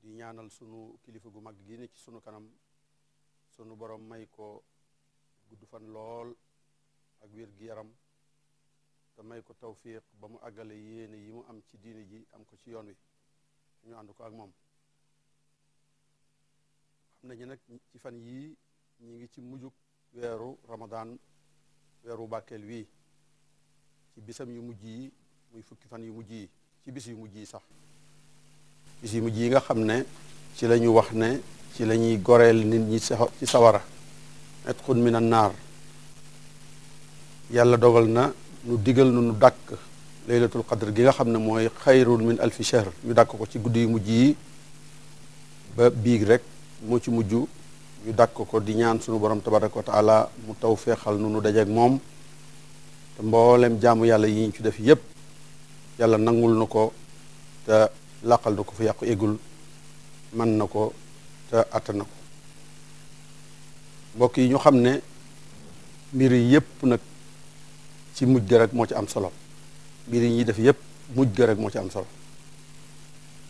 di ñaanal sunu kilifa gu mag gi ne ci sunu kanam sunu borom may ko gudd fan lool ak wér gi yaram te may ko tawfiq ba mu àggale yéene yi mu am ci diine ji am ko ci yoon wi ñu ànd ko ak moom xam nañu nag ci fan yii ñi ngi ci mujjug weeru ramadaan weeru bàkkeel wi ci bisam yu mujj yi muy fukki fan yu mujj yi ci bis yu mujj yi sax bis yu mujj yi nga xam ne ci la ñu wax ne ci la ñuy goreel nit ñi ci sawara etxun min an naar yàlla dogal na nu digal nu nu dàkk laylatul qadr gi nga xam ne mooy xayrun min alfi shahr ñu dàkk ko ci guddi yu mujj yi ba biig rek moo ci mujj ñu dàkk ko di ñaan sunu borom tabaraka wa taala mu taw feexal nu nu dajeek moom te mboolem jaamu yàlla yi ñu ci def yépp yàlla nangul na ko te làqal na ko fu yàqu eggul man na ko te attan na ko mbokk yi ñu xam ne mbir yi yépp nag ci mujj ga moo ci am solo mbir yi ñuy def yépp mujj ga moo ci am solo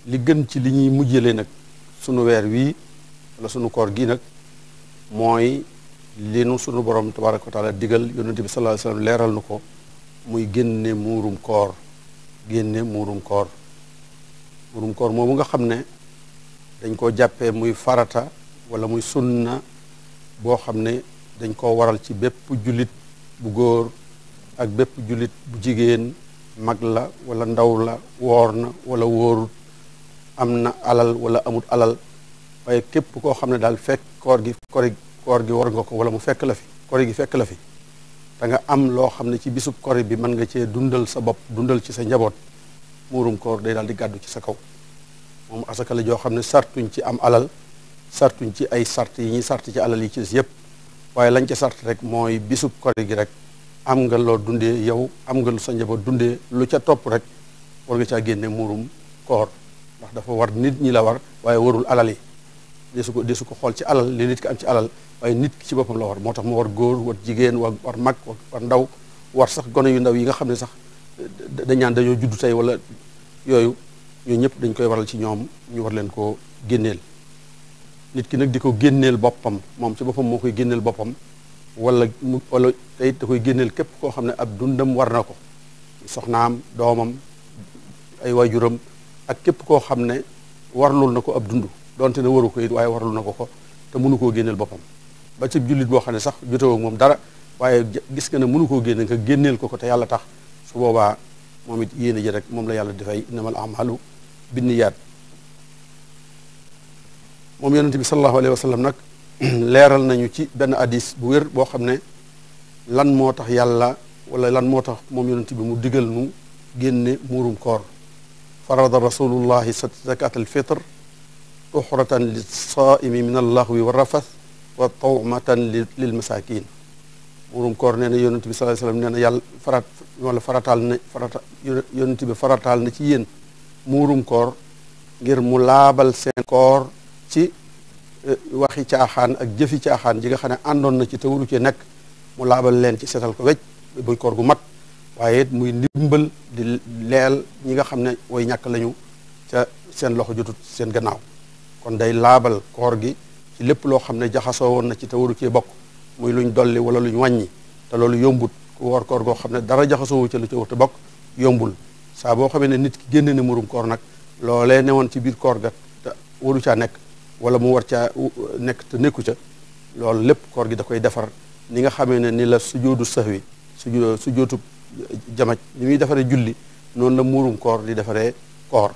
li gën ci li ñuy mujjale nag sunu weer wii wala sunu koor gii nag mooy li nu sunu borom tabaraka wa taala digal yonente bi sallallahu alayhi wa sallam leeral nu ko muy génne muurum koor génne muurum koor muurum koor moomu nga xam ne dañ koo jàppee muy farata wala muy sunna boo xam ne dañ koo waral ci bépp jullit bu góor ak bépp jullit bu jigéen mag la wala ndaw la woor na wala wóorut am na alal wala amut alal waaye képp koo xam ne daal fekk koor gi koor gi war nga ko wala mu fekk la fi koor gi fekk la fi te nga am loo xam ne ci bisub kori bi mën nga cee dundal sa bopp dundal ci sa njaboot muurum koor day daal di gàddu ci sa kaw moom asaka la joo xam ne sartuñ ci am alal sartuñ ci ay sart yi ñuy sart ci alal yi ci des waaye lañ ca sart rek mooy bisub kori gi rek am nga loo dundee yow am nga lu sa njaboot dundee lu ca topp rek war nga caa génne muurum koor ndax dafa war nit ñi la war waaye warul alal yi de ko desu ko xool ci alal li nit ki am ci alal waaye nit ki ci boppam la war moo tax mu war góor war jigéen war war mag war ndaw war sax gone yu ndaw yi nga xam ne sax dañaan dañoo juddu tey wala yooyu ñoo ñëpp dañ koy waral ci ñoom ñu war leen koo génneel nit ki nag di ko génneel boppam moom ci boppam moo koy génneel boppam wala mu wala tey da koy génneel képp koo xam ne ab dundam war na ko soxnaam doomam ay waajuram ak képp koo xam ne warlul na ko ab dund donte ne waru ko it waaye warlul na ko ko te mënu koo génneel boppam ba ci jullit boo xam ne sax jotewoo moom dara waaye gis nga ne mënu koo génne nga génneel ko ko te yàlla tax su boobaa moom it yéene ji rek moom la yàlla dafay innamal amalu yaat moom yonente bi sallallahu alayhi wa sallam nag leeral nañu ci benn hadis bu wér boo xam ne lan moo tax yàlla wala lan moo tax moom yonente bi mu digal nu génne muurum koor farada rasulullahi zakat al fitr tuxratan lisaaimi min allaxwi wa rafath wa tawmatan lil masaakin burum koor nee na yonent bi sallallahu alayhi wasallam nee na yàlla farat wala farataal na farata bi farataal na ci yéen muurum koor ngir mu laabal seen koor ci eh, waxi caaxaan ak jëfi caaxaan ji nga xam ne àndoon na ci te ci nekk mu laabal leen ci setal ko wecc buy koor gu mat waaye it muy ndimbal di leel ñi nga xam ne way ñàkk lañu ca seen loxo jotut seen gannaaw kon day laabal koor gi lépp loo xam ne jaxasoo woon na ci te waru cee bokk muy luñ dolli wala luñ wàññi te loolu yombut ku woor koor goo xam ne dara jaxasoowu ca lu ci war te bokk yombul saa boo xamee ne nit ki ne murum nag loolee newoon ci biir koor ga te waru caa nekk wala mu war caa nekk te nekku ca loolu lépp koor gi da koy defar ni nga xamee ne ni la sujoodu sahwi su sujootu jamaj ni muy defaree julli noonu la muurum koor di defaree koor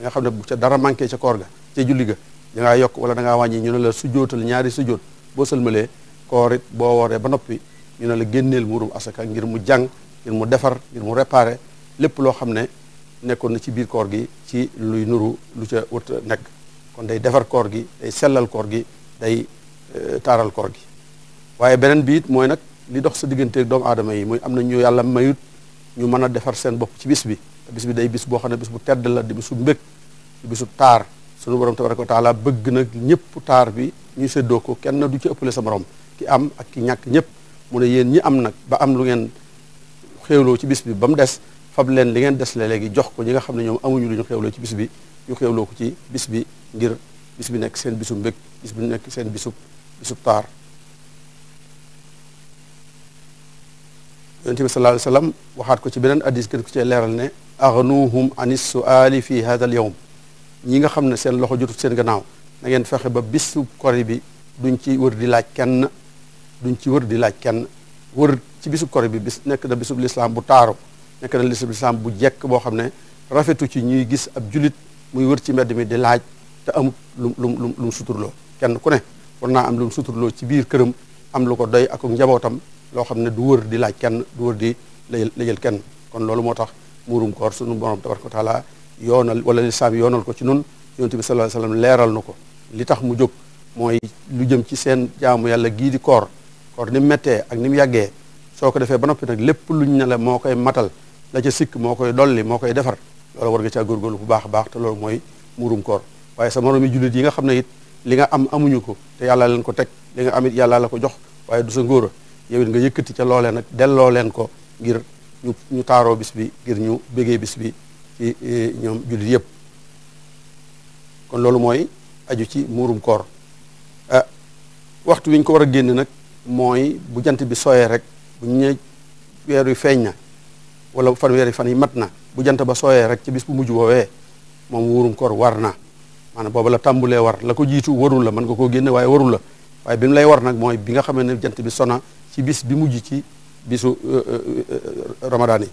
nga xam ne bu ca dara manqué ca koor ga ca julli ga da ngaa yokk wala da ngaa wàññi ñu ne la sujootal ñaari sujoot boo sëlmalee koor it boo wooree ba noppi ñu ne la génneel muurum asaka ngir mu jàng ngir mu defar ngir mu réparé lépp loo xam ne nekkoon na ci biir koor gi ci luy nuru lu ca wërta nekk kon day defar koor gi day sellal koor gi day eh, taaral koor gi waaye beneen bi it mooy nag li dox sa digganteeg doomu aadama yi muy am na ñu yàlla mayut ñu mën a defar seen bopp ci bis bi bis bi day bis boo xam ne bis bu tedd la di bisu mbég di taar sunu borom tabaraka wa taala bëgg nag ñëpp taar bi ñu seddoo ko kenn du ci ëppale sa moroom ki am ak ki ñàkk ñëpp mu ne yéen ñi am nag ba am lu ngeen xéewloo ci bis bi ba mu des fab leen li ngeen des la léegi jox ko ñi nga xam ne ñoom amuñu lu ñu xéewloo ci bis bi ñu xéewloo ko ci bis bi ngir bis bi nekk seen bisu mbég bis bi nekk seen bisub bisub taar yonente bi sallallahu alayhi wa sallam waxaat ko ci beneen addis gën ko ci leeral ne agnuhum anis suali fi hada ñi nga xam ne seen loxo jotut seen gannaaw na fexe ba bisu kori bi duñ ci wër di laaj kenn duñ ci wër di laaj kenn wër ci bisu kori bi bis nekk na bisub lislaam bu taaru nekk na bisub lislaam bu jekk boo xam ne rafetu ci ñuy gis ab julit muy wër ci mbedd mi di laaj te amut lu lu suturloo kenn ku ne war naa am lu suturloo ci biir këram am lu ko doy ak njabootam loo xam ne du wër di laaj kenn du wër di lajal kenn kon loolu moo tax muurum koor sunu borom tabaraka wa taala yoonal wala lislaam yoonal ko ci nun yonent bi sallallahu alayhi wasallam leeral na ko li tax mu jóg mooy lu jëm ci seen jaamu yàlla gii di koor koor ni mu ak ni mu yàggee soo ko defee ba noppi nag lépp luñ ne la moo koy matal la ca sikk moo koy dolli moo koy defar loolu war nga caa góorgóorlu bu baax a baax te loolu mooy muurum koor waaye sa moromi jullit yi nga xam ne it li nga am amuñu ko te yàlla leen ko teg li nga am it yàlla la ko jox waaye du sa ngóora yow it nga yëkkati ca loolee nag delloo leen ko ngir ñu ñu taaroo bis bi ngir ñu bégee bis bi ci ñoom jullit yëpp kon loolu mooy aju ci muurum koor ah, waxtu wi ñu ko war a génn nag mooy bu jant bi sooyee rek bu ñu weer wi feeñ na wala fanweer yi fan yi mat na bu jant ba sooyee rek ci bis bu mujj woowee moom muurum koor war na maanaam booba la tàmbulee war la ko jiitu warul la mën nga koo génne waaye warul la waaye bi mu lay war nag mooy bi nga xamee ne jant bi sona ci bis bi mujj ci bisu euh, euh, euh, ramadaan yi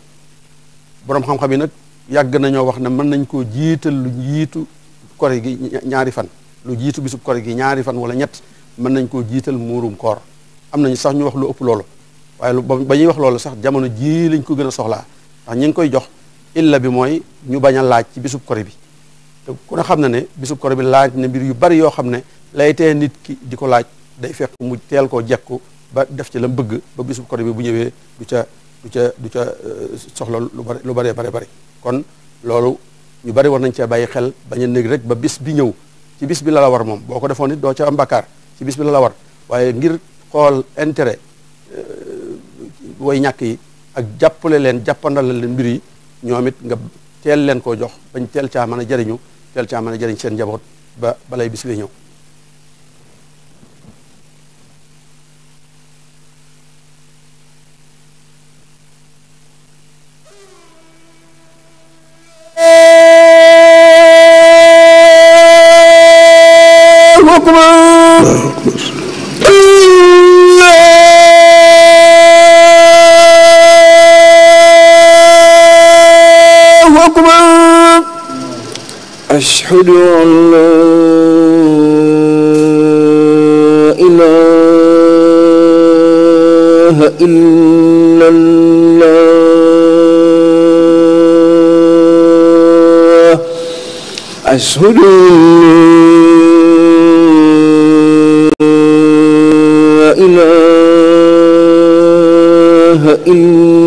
xam-xam yi nag yàgg nañoo wax ne mën nañ koo jiital lu jiitu kori gi ñaari fan lu jiitu bisub kori gi ñaari fan wala ñett mën nañ koo jiital muurum koor am nañ sax ñu wax lu ëpp loolu waaye lu ba ñuy wax loolu sax jamono jii lañ ko gën a soxlaa ndax ñi ngi koy jox illa bi mooy ñu bañ a laaj ci bisub kori bi te ku xam na ne bisub kori bi laaj na mbir yu bari yoo xam ne lay tee nit ki di ko laaj day fekk mu teel koo jekku ba def ci la bëgg bisub kori bi bu ñëwee du ca du ca du ca euh, soxla lu bari lu baree bare bari kon loolu ñu bari war nañ cee bàyyi xel bañ a néeg rek ba bis bi ñëw ci bis bi la la war moom boo ko defoon it doo ca am bakkaar ci bis bi la la war waaye ngir xool intérêt euh, woy ñàkk yi ak jàppale leen jàppandal leen mbir yi ñoom it nga teel leen koo jox bañ teel caa mën a jariñu teel caa mën a jariñ seen njaboot ba balay bis bi ñëw أشهد أن لا إله إلا الله أشهد أن إله إلا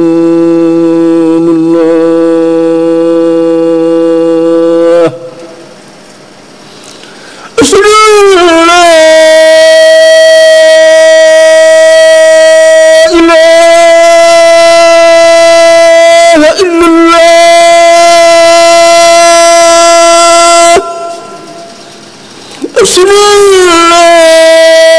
الله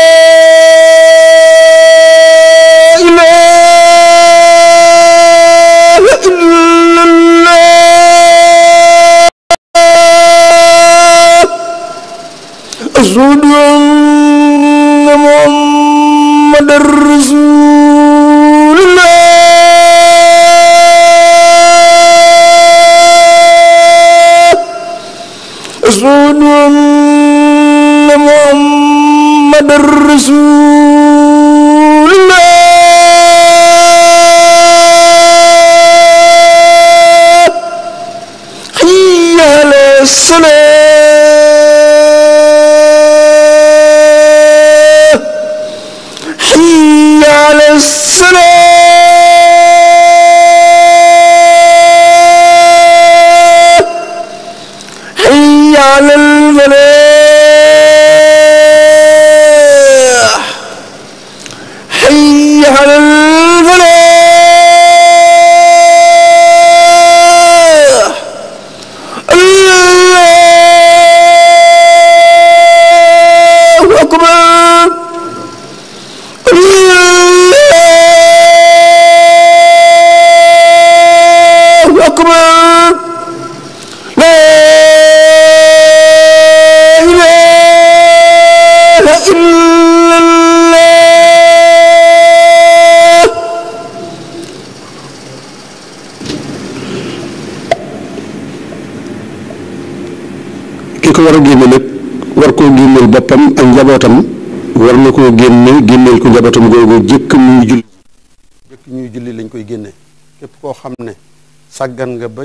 الصلاة njabootam war koo génne génneel ko njabootam googu jëkk ñuy julli jëkk ñuy julli lañ koy génne képp koo xam ne sàggan nga ba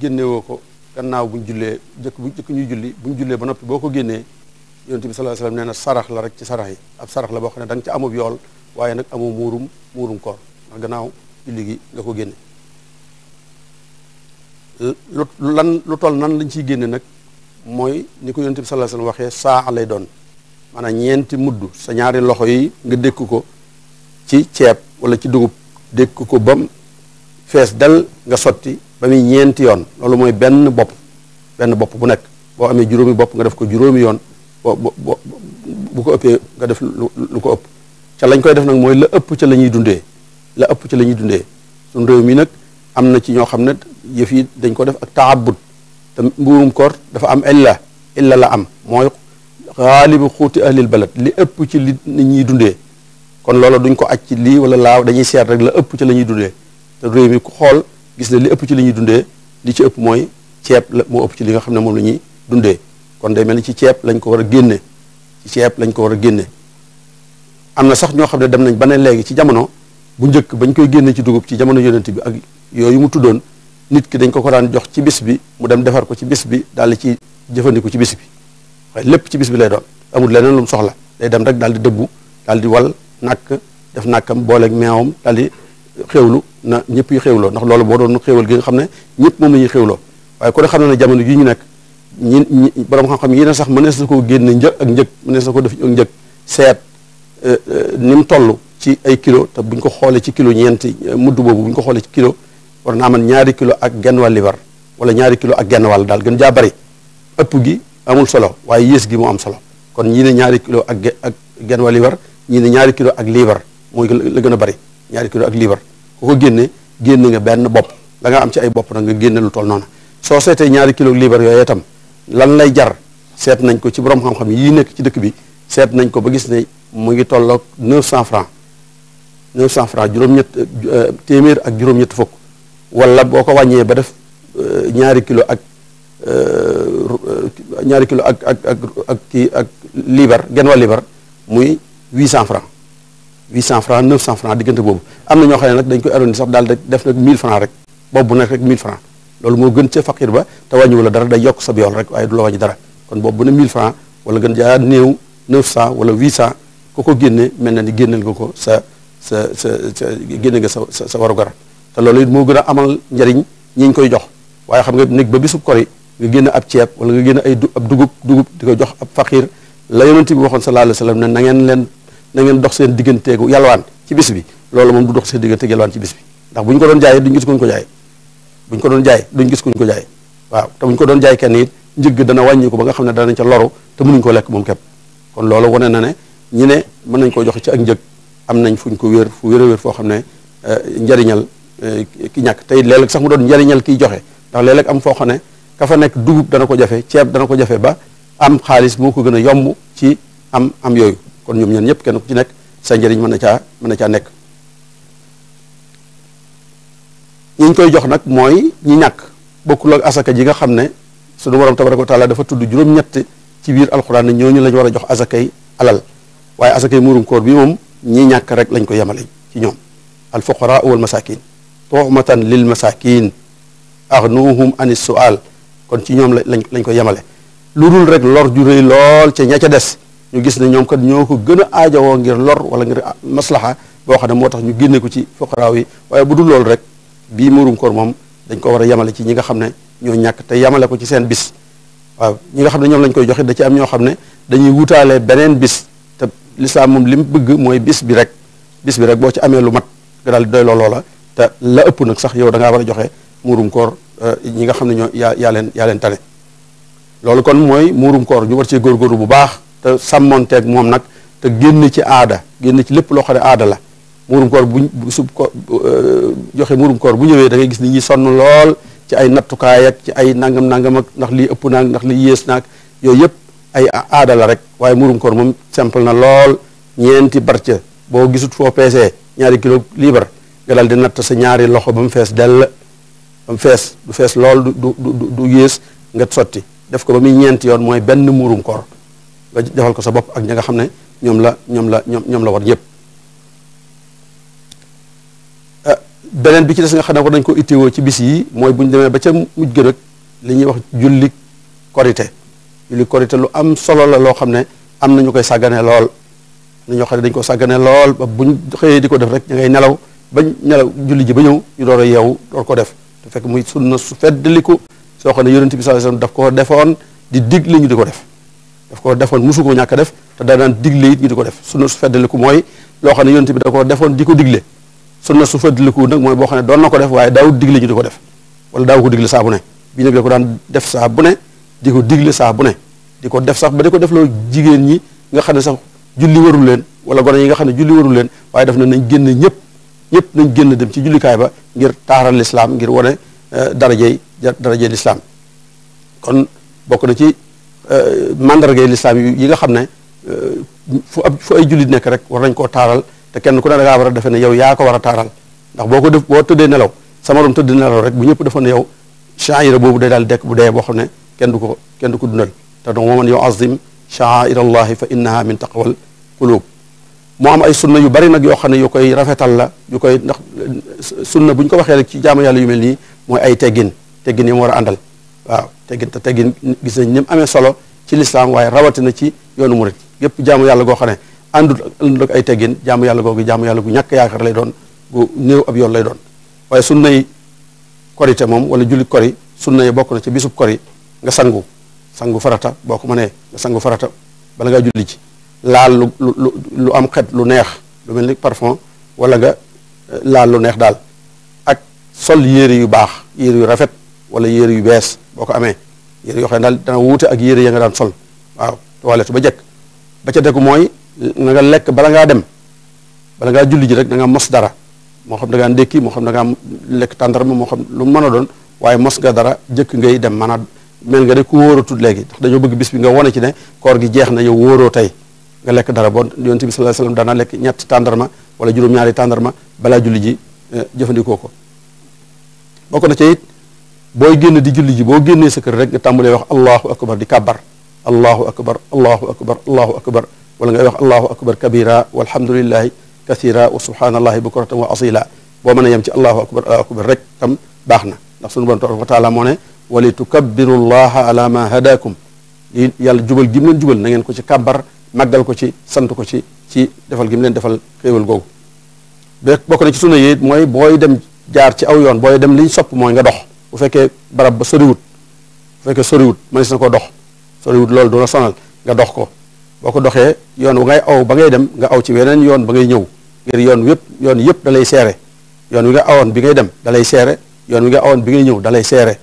génnewoo ko gannaaw buñ jullee jëkk bu jëkk ñuy julli buñ jullee ba noppi boo ko génnee yonent bi sallallahu nee na sarax la rek ci sarax yi ab sarax la boo xam ne da nga ca amub waaye nag amoo muurum muurum koor ndax gannaaw julli gi nga lu lan nan lañ ciy génne nag mooy ni ko yonent bi sallallahu waxee saa lay doon maanaam ñeenti mudd sa ñaari loxo yi nga dékk ko ci ceeb wala ci dugub dékk ko bam fees del nga sotti ba muy ñeenti yoon loolu mooy benn bopp benn bopp bu nekk boo amee juróomi bopp nga def ko juróomi yoon bu ko ëppee nga def lu ko ëpp ca lañ koy def nag mooy la ëpp ca la ñuy dundee la ëpp ca lañuy dundee suñ réew mi nag am na ci ñoo xam ne yëf yi dañ ko def ak taabut te mburum koor dafa am illa illa la am mooy xaalibu xuuti ahlil balad li ëpp ci li nit ñiy dundee kon loola duñ ko aj ci lii wala laaw dañuy seer rek la ëpp ci lañuy dundee te réew mi ku xool gis na li ëpp ci li ñuy dundee li ci ëpp mooy ceeb la moo ëpp ci li nga xam ne moom la ñuy dundee kon day mel ni ci ceeb lañ ko war a génne ci ceeb lañ ko war a génne am na sax ñoo xam ne dem nañ ba ne léegi ci jamono bu njëkk bañ koy génne ci dugub ci jamono yonent bi ak yooyu mu tuddoon nit ki dañ ko ko daan jox ci bis bi mu dem defar ko ci bis bi daal ci jëfandiku ci bis bi waaye lépp ci bis bi lay doon amul leneen lu mu soxla day dem rek daal di dëbbu daal di wal nàkk def nàkkam booleeg meewam daal di xewlu na ñëpp yi xewlo ndax loolu boo doon nu xéewal gi nga xam ne ñëpp moom la ñuy xéewloo waaye ku ne xam ne ne jamono ñu nekk ñi borom xam-xam yi ne sax mënees na koo génne njëg ak njëg mënees na ko def ak njëg seet euh, euh, ni mu toll ci ay kilo te buñ ko xoolee ci kilo ñeenti euh, mudd boobu buñ ko xoolee ci kilo war naa man ñaari kilo ak genn wàll libar wala ñaari kilo ak genn wàll daal gën jaa bari ëpp gi amul solo waaye yées gi mu am solo kon ñii ne ñaari kilo ak ak genn wa liibar ñii ñaari kilo ak liibar mooy la gën a bari ñaari kilo ak liibar ku ko génne génne nga benn bopp la nga am ci ay bopp nag nga génne lu toll noonu soo seetee ñaari kilo liibar yooyu itam lan lay jar seet nañ ko ci borom xam-xam yi nekk ci dëkk bi seet nañ ko ba gis ne mu ngi tolloog 900 francs 900 francs juróom-ñett euh, téeméer ak juróom-ñett fukk wala boo ko wàññee ba def euh, ñaari kilo ak Euh, ñaari kilo ak ak ak ak kii ak liibar genn wàll liibar muy 800 francs 800 francs 900 francs diggante boobu am na ñoo xam ne nag dañ koy arrondi sax daal rek def nag 1000 francs rek boobu bu nekk rek 1000 francs loolu gën ca faqir ba te wàññiwu la dara day yokk sa yool rek waaye du la wàññi bu ne 1000 francs wala gën jaa néew 900 wala 800 ku ko génne mel na ni génneel nga ko sa sa sa sa génne nga sa sa warugar te loolu it moo gën a amal njariñ ñi ñu koy jox waaye xam nga nekk ba bisub kori nga génn ab ceeb wala nga génn ay ab dugub dugub di ko jox ab faqiir la yonent bi waxoon sallallahu alayhi wa sallam ne na ngeen leen na ngeen dox seen digganteegu yalwaan ci bis bi loolu moom du dox seen digganteegu yalwaan ci bis bi ndax bu ñu ko doon jaayee duñ gis kuñ ko jaay ko doon jaay duñ gis kuñ ko jaay waaw te buñ ko doon jaay kenn it njëgg dana wàññi ko ba nga xam ne danañ ca loru te mënuñ ko lekk moom képp kon loolu wane na ne ñi ne mën nañ koo joxe ci ak njëg am nañ fuñ ko wér fu wér wér foo xam ne eh, njariñal eh, ki ñàkk tey léeg-léeg mu doon njariñal kiy joxe ndax léeg am foo xam ne kafa nekk dugub dana ko jafe ceeb dana ko jafe ba am xaalis moo ko gën a yomb ci am am yooyu kon ñoom ñan ñëpp kenn ku ci nekk sa njëriñ mën na caa mën na caa nekk ñi koy jox nag mooy ñi ñàkk bokkul ak asaka ji nga xam ne sunu borom tabaraka wa taala dafa tudd juróom-ñett ci biir alxuraan ne ñooñu lañ war a jox asakay alal waaye asakay muurum koor bi moom ñi ñàkk rek lañ ko yemale ci ñoom al fuqaraa wal masaakin tuxmatan lil masaakin agnuhum ani sual kon ci ñoom lañ lañ ko yemale lu dul rek lor ju rëy lool ca ña ca des ñu gis ne ñoom kat ñoo ko gën a aajowoo ngir lor wala ngir ah, maslaxa boo xam ne moo tax ñu génne ko ci fuqaraaw yi waaye bu dul loolu rek bii murum koor moom dañ ko war a yemale ci ñi nga xam ne ñoo ñàkk te yemale ko ci seen bis waaw ñi nga xam ne ñoom lañ koy joxe da ci am ñoo xam ne dañuy wutaale beneen bis te lislaam moom li mu bëgg mooy bis bi rek bis bi rek boo ci amee lu mat nga daal di doy loo te la ëpp nag sax yow da ngaa war a joxe muurum Euh, ñi nga xam ne ñoo yaa yaa leen tane loolu kon mooy muurum koor ñu war cee góorgóorlu bu baax te sàmmonteeg moom nag te génn ci aada génn ci lépp loo xam ne aada la muurum koor bu su ko euh, joxe muurum bu ñëwee da gis ni ñi sonn lool ci ay nattukaay ak ci ay nangam nangam ak ndax lii ëpp naag ndax lii yées naag yooyu yëpp ay aada la rek waaye muurum koor moom simple na lool ñeenti barca boo gisut foo peesee ñaari kilo liibar nga daal di natt sa ñaari loxo ba mu fees dell ba fees du fees lool du du du yées nga sotti def ko ba muy ñeenti yoon mooy benn muurum koor nga defal ko sa bopp ak ñi nga xam ne ñoom la ñoom la ñoom ñoom la war ñëpp ah, beneen bi ci des nga xam ne war dañ ko itteewoo ci bis yi mooy bu demee ba ca mujj gën ak li ñuy wax julli korite julli korite lu am solo la loo xam ne am na ñu koy sàggane lool na ñoo xam ne dañ ko sàggane lool ba buñ xëyee di ko def rek ñu ngay nelaw bañ nelaw julli ji ba ñëw ñu door a yeewu ko def te fekk muy sunna su feddaliku soo xam ne yonent bi sallallahu alayhi wasallam daf ko defoon di digle ñu di ko def daf ko defoon musu ko ñàkk def te daa daan digle it ñu ko def sunna su feddaliku mooy loo xam ne yonent bi da defoon di ko digle sunna su feddaliku nag mooy boo xam ne doon na ko def waaye daaw digle ñu di ko def wala daaw ko digle saa bu ne bii nag da ko daan def saa bu ne di ko digle saa bu ne di ko def sax ba di ko def loo jigéen ñi nga xam ne sax julli warul leen wala gone yi nga xam ne julli warul leen waaye def na nañ génn ñëpp ñëpp nañ génn dem ci jullikaay ba ngir taaral lislaam ngir wane eh, darajey darajey lislaam kon bokk na ci eh, mandargay lislaam yi nga xam ne eh, fu ab ay jullit nekk rek war nañ koo taaral te kenn ku ne da ngaa war a defe ne yow yaa ko war a taaral ndax boo ko def boo tëddee nelaw sama rom tëdd nelaw rek bu ñëpp defoon ne yow shaaira boobu day daal dekk bu dee boo xam ne kenn du ko kenn du ko dundal te donc mooman yow azim shaaira allahi fa innaha min taqwal qulub mu am ay sunna yu bari nag yoo xam ne yu koy rafetal la yu koy ndax sunna bu ñu ko waxee rek ci jaamu yàlla yu mel nii mooy ay teggin teggin yi mu war a àndal waaw teggin te teggin gis nañ amee solo ci lislaam waaye rawatina ci yoonu murit yépp jaamu yàlla goo xam ne àndut ay teggin jaamu yàlla googu jaamu yàlla gu ñàkk yaakar lay doon gu néew ab yoon lay doon waaye sunna yi korite moom wala julli kori sunna yi bokk na ci bisub kori nga sangu sangu farata boo ko mënee nga sangu farata bala ngaa julli ci laal lu lu lu am xet lu neex lu mel ni parfum wala nga euh, laal lu neex daal ak sol yére yu baax yére yu rafet wala yére yu bees boo ko amee yére yoo xam ne daal dana wuute ak yére ya nga daan sol waaw toilette ba jëkk ba ca dëkk mooy na lekk bala ngaa dem bala ngaa julli ji rek da nga dara moo xam da ngaa ndékki moo xam da ngaa lekk tàndarma moo xam lu mën a doon waaye mos nga dara jëkk ngay dem maanaam mel nga de wóoratul léegi ndax dañoo bëgg bis bi nga wone ci ne koor gi jeex na yow wóoroo tey nga lekk dara boo yonent bi sallallahu alayhi wasallam daana wala juróom-ñaari tàndarma balaa julli ji eh, jëfandikoo ko bokk na ci booy génn di julli ji boo génnee sa kër rek nga tàmbalee wax allahu akbar di kàbbar allahu akbar allahu akbar allahu akbar wala nga wax allahu akbar kabira walhamdulillahi kathira wa subhanallahi bukratan wa asila boo mën a yem ci allahu akbar allahu rek tam baax na ndax sunu borom tabaraka wa taala moo tukabbiru llaha ala ma hadakum li yàlla jubal gi mu na ngeen ko ci kàbbar màggal ko ci sant ko ci ci defal gi mu leen defal xéewal googu be bokk na ci sunna yi mooy booy dem jaar ci aw yoon booy dem liñ sopp mooy nga dox bu fekkee barab ba soriwut bu fekkee soriwut mënees na ko dox soriwut loolu du la sonal nga dox ko boo ko doxee yoon wu ngay aw ba ngay dem nga aw ci weneen yoon ba ngay ñëw ngir yoon yëpp yoon yëpp da lay seere yoon wi nga awoon bi ngay dem da lay seere yoon wi nga awoon bi ngay ñëw da lay seere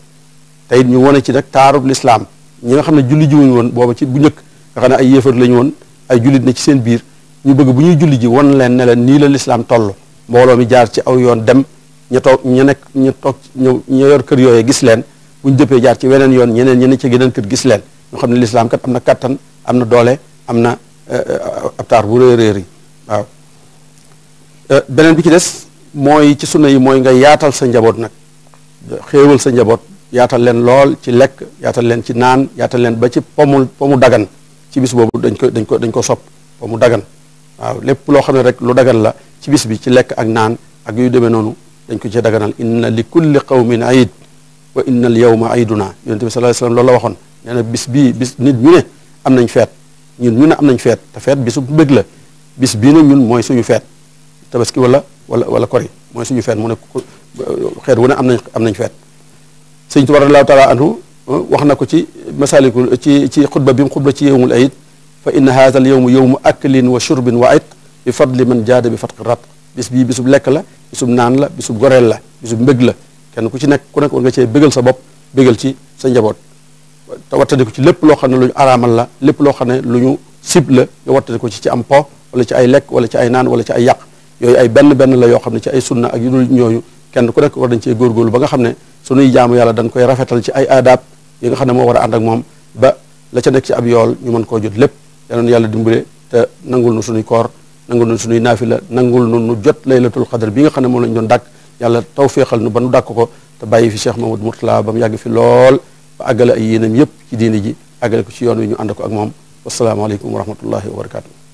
tey it ñu wane ci nag taarub lislaam ñi nga xam ne julli jiwuñ woon booba ci bu njëkk xam ne ay yéefar lañu woon ay jullit na ci seen biir ñu bëgg bu ñuy jullit ji won leen ne leen nii la lislaam toll mbooloo mi jaar ci aw yoon dem ñu toog ñu nekk ñu toog ñu yor kër yooyee gis leen bu ñu jaar ci weneen yoon ñeneen ñeneen ci geneen kër gis leen ñu xam ne lislaam am na kattan am na doole am na eh, eh, ab taar bu rëy rëy waaw eh, beneen bi ci des mooy ci sunna yi mooy nga yaatal sa njaboot nag xéewal sa njaboot yaatal leen lool ci lekk yaatal leen ci naan yaatal leen ba ci pomul pomu dagan ci bis boobu dañ ko dañ ko dañ ko sopp ba mu dagan waaw lépp loo xam ne rek lu dagan la ci bis bi ci lekk ak naan ak yu demee noonu dañ ko ci daganal na li kulli qawmin aid wa inna al yawma aiduna yonent bi sallallahu alayhi wasallam loolu la waxoon nee na bis bii bis nit ñu am nañ feet ñun ñu ne am nañ feet te feet bisu bëgg la bis bii nag ñun mooy suñu feet tabaski wala wala wala kori mooy suñu feet mu ne xeet wu ne am nañ am nañ feet sëñ Tuubaa radiyallaahu taala wax na ko ci masalikul ci ci xutba bi mu xutba ci yowmul ayit fa inna haada yow mu yowmu aklin wa shurbin wa itq bi fadli man jaada bi fatqi rat bis bii bisub lekk la bisub naan la bisub goreel la bisub mbëg la kenn ku ci nekk ku nekk war nga cee bégal sa bopp bégal ci sa njaboot te wattandi ko ci lépp loo xam ne lu ñu la lépp loo xam ne lu ñu sib la nga ko ci ci am po wala ci ay lekk wala ci ay naan wala ci ay yàq yooyu ay benn benn la yoo xam ne ci ay sunna ak yu ñooñu kenn ku nekk war nañ cee góorgóorlu ba nga xam ne sunuy jaamu yàlla dañ koy rafetal ci ay aadaab yi nga xam ne moo war a ànd ak moom ba la ca nekk ci ab yool ñu mën koo jot lépp yal na yàlla dimbale te nangul nu suñuy koor nangul nu suñuy naafila nangul nu nu jot laylatul xadar bi nga xam ne moom lañ doon dàkk yàlla tawféexal nu ba nu dàkk ko te bàyyi fi Cheikh Mamadou Mourtala ba mu yàgg fi lool ba àggale ay yéenam yépp ci diini ji àggale ko ci yoon wi ñu ànd ko ak moom wasalaamaaleykum wa rahmatullahi wa barakatu